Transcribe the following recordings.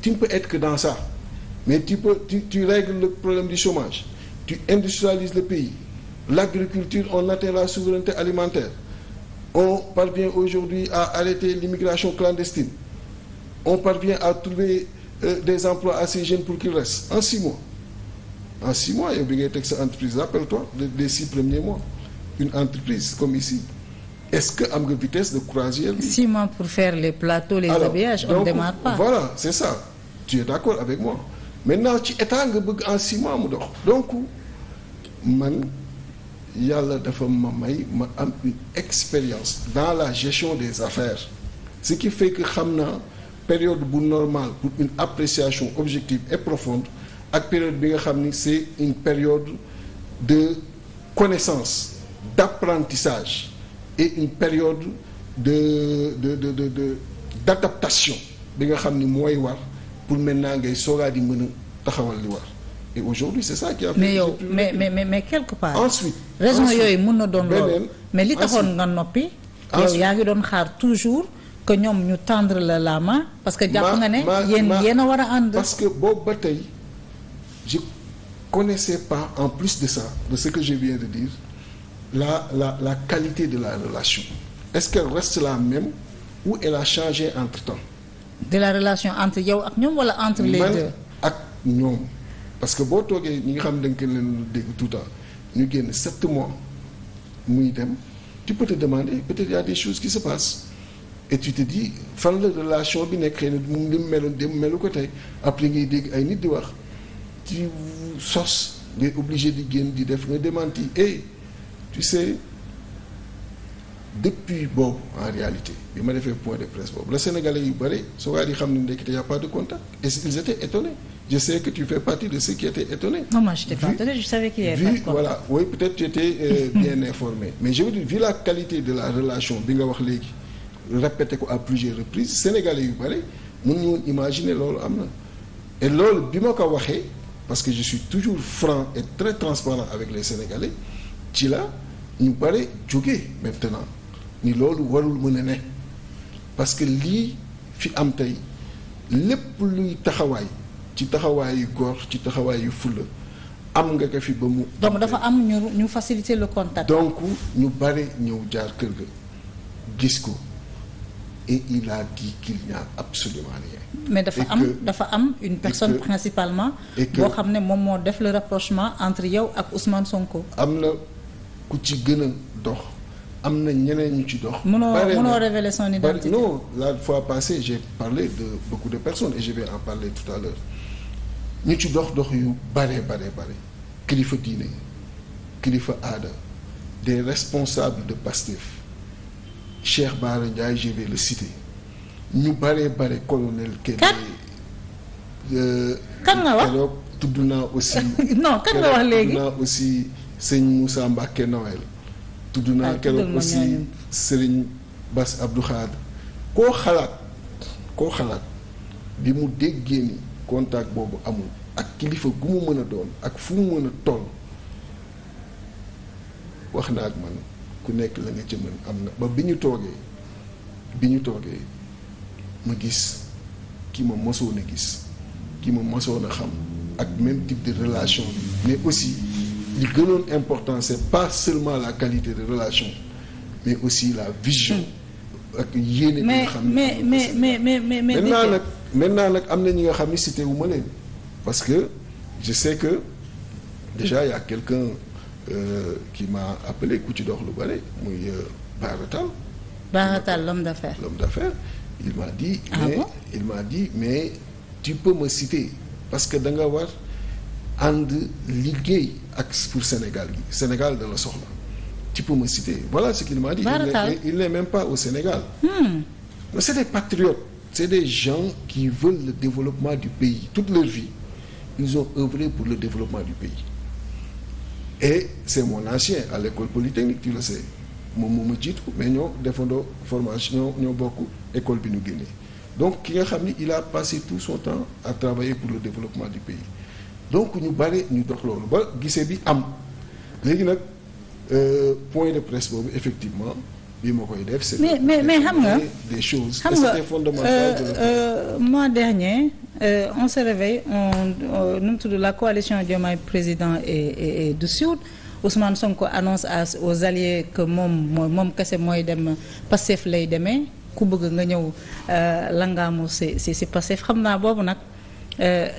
tu ne peux être que dans ça mais tu peux tu, tu règles le problème du chômage tu industrialises le pays l'agriculture on atteint la souveraineté alimentaire on parvient aujourd'hui à arrêter l'immigration clandestine on parvient à trouver euh, des emplois à ces jeunes pour qu'ils restent en six mois en six mois yow bi ngay teg sa entreprise rappelle-toi des six premiers mois une entreprise comme ici est-ce que am nga vitesse de croisière bi. six pour faire les plateaux les habillages on démarre pas voilà c'est ça tu es d'accord avec moi maintenant ci état nga bëgg en six mois mu dox. donc man yàlla dafa ma may ma am une expérience dans la gestion des affaires ce qui fait que xam na période bu normal pour une appréciation objective et profonde ak période bi nga xam ni c'est une période de connaissance d'apprentissage. et une période de de de de de d'adaptation bi nga xam ni mooy war pour maintenant ngay soogaa di mën a taxawal li war et aujourd'hui c'est ça qui a fait mais yow mais mais mais quelque part. ensuite raison yooyu mën na doon loolu mais li taxoon nga noppi. yow yaa ngi doon xaar toujours que ñoom ñu tendre la la main. parce que jàpp nga ne yéen yéen a war a ànd. parce que boobu ba tey je connaissais pas en plus de ça de ce que je viens de dire. la la la qualité de la relation est-ce que reste la même ou elle a changé entre-temps. de la relation entre yow ak ñoom wala entre les man, ak ñoom parce que boo toogee ñi nga xam da nga leen dégg tout le temps ñu génn sept mois muy dem tu peux te demander peut-être y a des qui se passent et tu te dis fan la relation bi nekk xëy na mu meloon dem melu ko tey après ngay dégg ay nit di wax ci sos ngay obligé di génn di def nga démenti et eh, tu sais depuis boobu en réalité bi ma defee point de presse boobu la sénégalais yu bëri soo waay di xam ne ndekete y a pas de contact et ils étaient étonnés je sais que tu fais partie de ceux qui étaient étonnés. non moi j'étais pas étonné je savais qu'il voilà oui peut-être tu étais euh, bien informé mais je veux dire vu la qualité de la relation bi nga wax léegi répété ko à plusieurs reprises sénégalais yu bëri mun ñu woon loolu am na et loolu bi ma ko waxee parce que je suis toujours franc et très transparent avec les sénégalais. ci la ñu bare jóge maintenant ni loolu warul mën a ne parce que lii fi am tey lépp luy taxawaay ci taxawaay yu góor ci yu fulla am nga ko fi ba mu. donc dafa am ñu ñu faciliter le contact. donc ñu bare ñëw jaar kër ga gis ko et il a dit qu'il absolument rien. mais dafa am dafa am une personne principalement. boo xam ne moom moo def le rapprochement entre yow ak Ousmane Sonko. am na. ku ci gën a dox am na ñeneen ñu ci dox. mënoo mënoo révéler son identité non la fois passée j'ai parlé de beaucoup de personnes et je vais tout à l'heure ñu ci dox dox yu bare bare bare kilifa diine kilifa aada des responsables de Pastef Cheikh Bara Ndiaye je vais le ñu bare bare colonel Kébé. kan euh, wax tudd naa aussi. non kan wax léegi sëñ Moussa Mbacke Noël tudd naa ah, keroog aussi sëriñ Bass Abdou Khadre koo xalaat koo xalaat bi mu déggee ni contact boobu amul ak kilifa gu mu mën a doon ak fu mu mën a toll wax na ak man ku nekk la nga ci mën am na ba bi ñu toogee bi ñu toogee ma gis ki ma mosoon a gis ki ma mosoon a xam ak même type de relation bi mais aussi li gënoon important c'est pas seulement la qualité de relation mais aussi la vision ak yéene bi nga xam ne mais mais mais mais mais mais maintenant nag maintenant nag am na ñi nga xam ne cité wu ma leen parce que je sais que déjà y a quelqu'un euh, qui m'a appelé ku ci dox lu bare muy euh, Baratal Baratal l'homme d'affaires l'homme d'affaires il m'a dit ah mais bon? il m'a dit mais tu peux me citer parce que da nga war ànd liggéey ak pour Sénégal gi Sénégal dala soxla tu peux ma citer voilà ce qu'il m'a dit il n'est même pas au Sénégal hmm. c'est des patriotes c'est des gens qui veulent le développement du pays toute leur vie ils ont œuvré pour le développement du pays et c'est mon ancien à l'école polytechnique tu le sais moom moo ma jiitu mais ñoo defandoo formation ñoo bokk école bi ñu génnee donc ki nga xam ni il a passé tout son temps à travailler pour le développement du pays donc ñu bari ñu dox loolu ba gisee bi am léegi nag euh, point de presse boobu effectivement bi ma koy def. mais mais mais xam nga xam nga euh, euh, mois dernier euh, on se réveille on nu mu tudd la coalition Diomaye président et et du Sud Ousmane Sonko annonce à aux alliés que moom moom kese mooy dem Pastef lay demee ku bëgg nga ñëw langaamu si si si Pastef xam naa boobu nag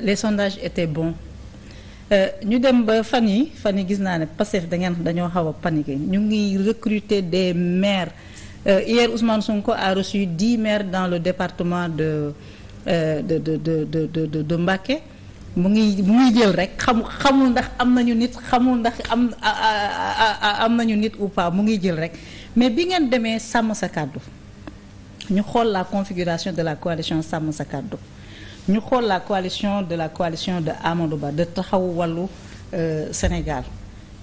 les sondages étaient bon Euh, ñu dem ba fan yi fan yi gis naa ne Pastef da ngeen dañoo xaw a ñu ngiy recruter des maire euh, hier Ousmane Sonko a reçu dix maires dans le département euh, de de de de de de Mbacké mu ngi mu ngi jël rek xam xamul ndax am nañu nit xamul ndax am am nañu nit ou pas mu ngi jël rek mais bi ngeen demee sàmm sa kàddu ñu xool la configuration de la coalition sàmm sa kàddu ñu xool la coalition de la coalition de Amadou Ba de Taxawu Wàllu euh, Sénégal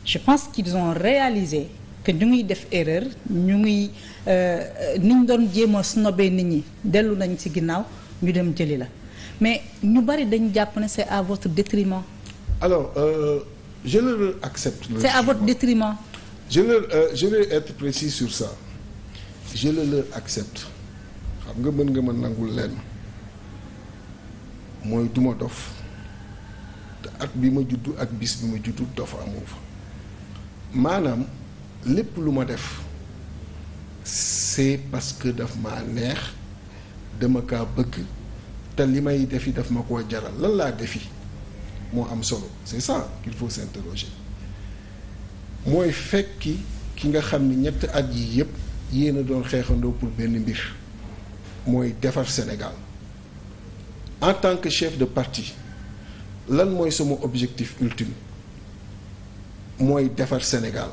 je pense qu'ils ont réalisé que ñu ngiy def erreur ñu ngi euh, ni ñu doon jéem a snobé nit ñi dellu nañ ci ginnaaw ñu dem jëli la mais ñu bari dañu jàpp ne c'est à votre détriment alors euh, je le accepte c'est à votre détriment je le euh, je vais être précis sur ça je le leur accepte xam nga mën nga ma nangul leen mooy duma dof at bi ma juddu ak bis bi ma juddu dof amoo fa maanaam lépp lu ma def c'est parce que daf ma neex dama kaa bëgg te li may defi daf ma ko jaral lan laa defi moo am solo c'est ça qu'il mooy fekki ki nga xam ni ñett at yi yépp yéen a doon xeexandoo pour benn mbir mooy defar Sénégal en tant que chef de parti lan mooy sama objectif ultime mooy defar Sénégal.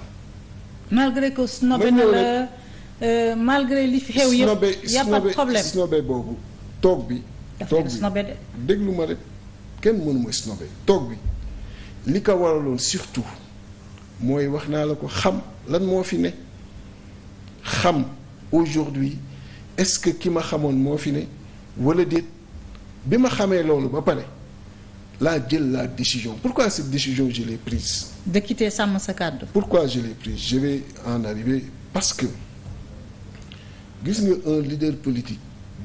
malgré que snobé na la Euh, malgré li fi xew yëpp y' problème snobé boobu toog bi. toog bi déglu ma rek kenn mënuma snobé toog bi li ko waraloon surtout mooy wax naa la ko xam lan moo fi ne xam aujourd'hui est-ce que ki ma xamoon moo fi ne wala déet bi ma xamee loolu ba pare laa jël la décision pourquoi cette décision je l'ai prise. de quitter sàmm sa kàddu. pourquoi je prise je en arriver parce que gis nga un leader politique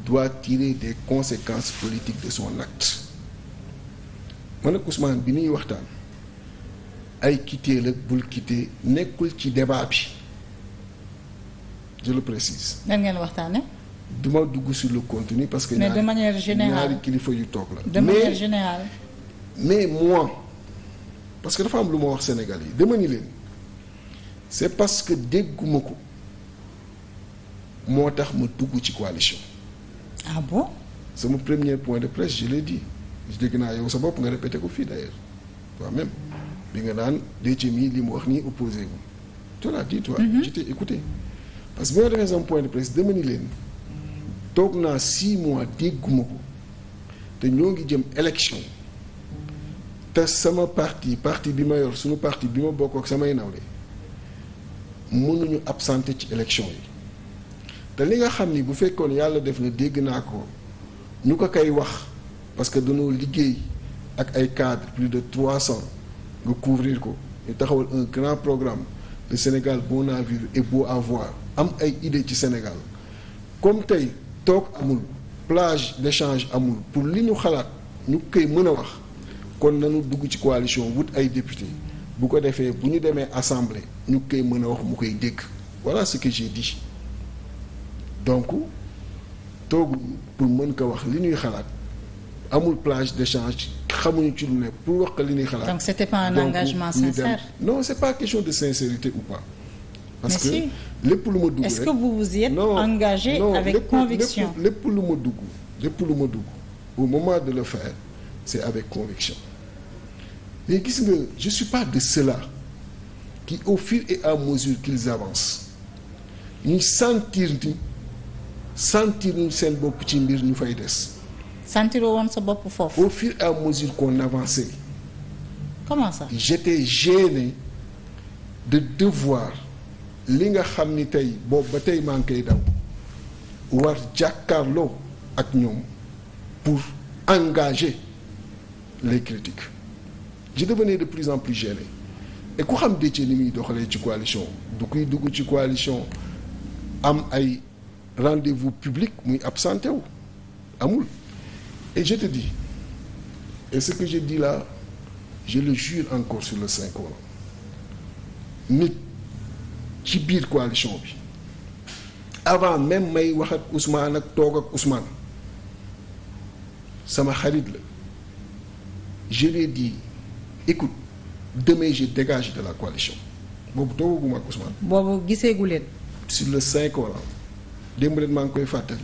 doit tirer des conséquences politiques de son acte man ak Ousmane bi ñuy waxtaan ay quitter la bul quitter nekkul ci débat bi je le précise. nan ngeen waxtaane du ma dugg sur le continuer parce que. mais de manière générale ñaari kilifa yu toog la. de générale mais mais moi parce que dafa am lu ma wax Sénégal yi dama ni leen c'est parce que dégguma ko moo tax ma dugg ci coalition. ah bon. sama premier point de presse je l'ai dit dégg naa yow sa bopp nga répété ko fii d'ailleurs toi même bi nga naan Déthié mii li mu wax nii opposé wu. tu l'as dit toi. Mm-hmm. j'étais écouté parce que boo defee sama point de presse dama ni leen. toog naa six mois dégguma ko te ñoo ngi jëm élection te sama parti parti bi ma yor suñu parti bi ma bokk ak samay nawle mënuñu absenté ci élection yi te li nga xam ni bu fekkoon yàlla def na dégg naa ko ñu ko koy wax parce que dañoo liggéey ak ay cadres plus de trois cents nga couvrir ko ñu taxawul un grand programme de Sénégal bon à et beau à am ay idée ci Sénégal comme tey toog amul plage change amul pour li ñu xalaat ñu koy mën a wax kon nañu dugg ci coalition wut ay député bu ko defee bu ñu demee assemblée ñu koy mën a wax mu koy dégg voilà ce que j'ai dit donc toog pour mën ko wax li ñuy xalaat amul plage d'échange xamuñu ci lu ne pour wax li ñuy xalaat. donc c'était pas un engagement sincère. non c'est pas question de sincérité ou pas. parce que lépp lu ma dugg est-ce que vous êtes engagé avec conviction lépp lu ma dugg lépp lu ma dugg au moment de le faire c'est avec conviction mais gis nga je suis pas de ceux-là qui au fur et à mesure ki avancent ñuy sentir ni sentir ñu seen bopp ci mbir ñu fay des sentiroo woon sa bopp foofu au fur et à mesure qu'on avançait comment ça de devoir li nga xam ni tey boobu ba tey maa ngi koy daw war jàkkaarloo ak ñoom pour engager les critiques je devenais de plus en plus gêné et ku xam Déthié ni muy doxalee ci coalition du kuy dugg ci coalition am ay rendez-vous public muy absenté wu amul et je te dis e ce que je dis là je le jure encore sur le Saint-Coran ci biir coalition bi avant même may wax ak Ousmane ak toog ak Ousmane sama xarit la je lui ai dit écoute demain je dégage de la coalition boobu toogaguma ak Ousmane. boobu giseegu leen. sur le Saint Coran démb maa ngi koy fàttali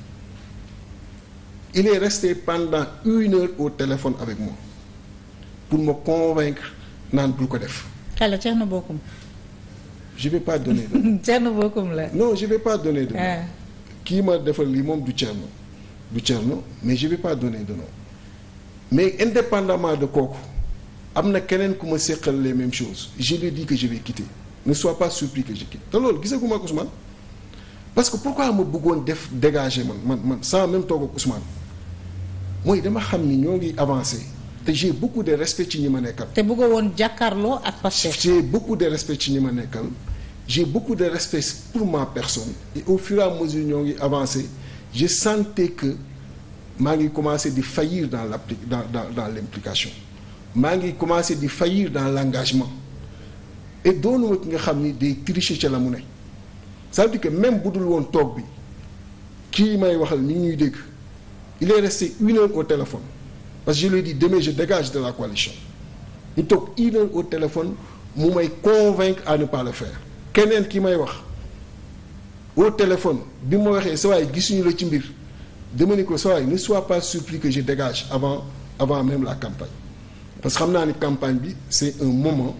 il est resté pendant une heure au téléphone avec moi pour me convaincre naan bul ko def. xel Thierno Bocoum. je vais pas donner de. Thierno Bocoum la. non je vais pas donner de. Ah. kii ma defal lii moom du Thierno du Thierno mais je vais pas donner de mais indépendamment de kooku am na keneen ku ma seqal les mêmes choses je lui dis que je vais quitter ne sois pas surpris que je quitte te loolu gisaguma ak Ousmane parce que pourquoi ma bëggoon def dégager man man man sans même toog ak Ousmane mooy dama xam ni ñoo ngi avancé. te j'ai beaucoup de respect ci ñi ma nekkal. te bëggoon woon jàkkaarloo ak Pastef. j'ai beaucoup de respect ci ñi ma nekkal j'ai beaucoup de respect pour ma personne et au fur et à ñoo ngi avancé je sentais que maa ngi commencé di faillir dans la dans dans dans l'implication maa ngi commencé di faillir dans l'engagement et doonuma ki nga xam ni day tricher ca la mu ne ça di que même bu dul woon toog bi kii may waxal ni ñuy dégg il est resté une au téléphone parce que je lui ai dit demain dégage de la coalition ñu toog une téléphone mu may convaincre à ne pas le faire keneen ki may wax au téléphone bi ma waxee sa waay gisuñu la ci mbir dama ni ko sa waay ne sois pas surpris que je dégage avant avant même la campagne parce que xam naa ni campagne bi c'est un moment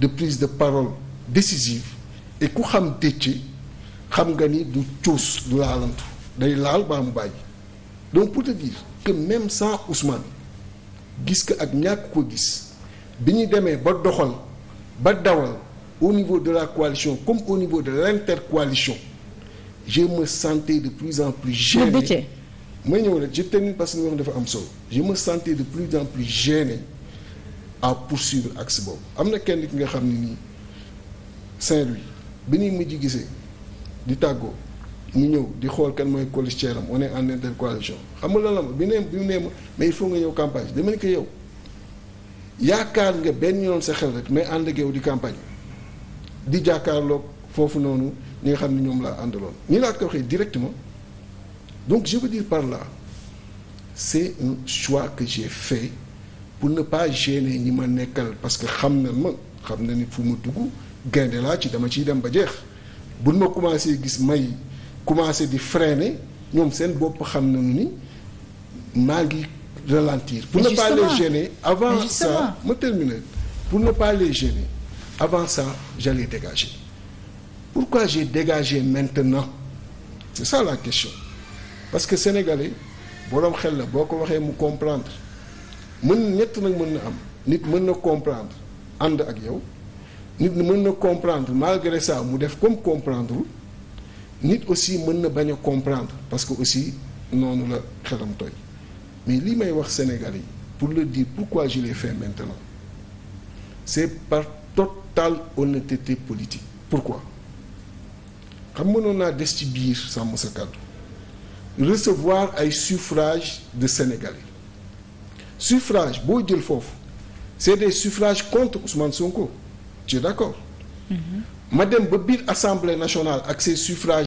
de prise de parole décisive et ku xam Déthié xam nga ni du cuus du laalantu day laal baa mu bàyyi donc pour te dire que même sans Ousmane gis ko ak ñàkk ko gis bi ñu demee ba doxal ba dawal au niveau de la coalition comme au niveau de l'intercoalition je me sentais de plus en plus gêné may ñëw rek ci termine parce que li wax dafa am solo je me sentais de plus en plus gêné à poursuivre axe boobu am na kenn ki nga xam ne nii Saint-Louis bi ñuy mujj gisee di tàggoo ñu ñëw di xool kan mooy colistière am on est en intercoalition xam nga lan la ma bi nee bi mu nee ma mais il faut nga ñëw campagne dama ne ko yow yaakaar nga benn yoon sa xel rek mais ànd ak yow di campagne di jàkkaarloog foofu noonu ñu nga xam ne ñoom laa àndaloon. ñu laa ko waxee directement donc je veux par là c'est un choix que j'ai fait pour ne pas gêner ñi ma nekkal parce que xam na ma xam na ni fu ma dugg gaynde laa ci dama ciy dem ba jeex buñ ma commencé gis may. commencé di freiner ñoom seen bopp xam nañu ni maa ngi ralentir. pour ne pas les gêner avant ça ma terminer pour ne pas les gêner avant ça j'allais dégager pourquoi j'ai dégagé maintenant c'est ça la question parce que sénégalais boroom xel la boo ko waxee mu comprendre mën ñett nag mën na am nit mën na comprendre ànd ak yow nit mën na comprendre malgré ça mu def comme comprendre nit aussi mën na bañ a comprendre parce que aussi noonu la xelam tooy mais li may wax Sénégalais yi pour le dire pourquoi je l'ai fait maintenant c'est par totale honnêteté politique pourquoi xam mënoon naa des ci biir sàmm sa kàddu recevoir ay suffrage de Sénégalais suffrage boo jël foofu c'est des suffrages contre Ousmane Sonko tu es d'accord mm-hmm. ma dem ba biir assemblée nationale ak ses suffrages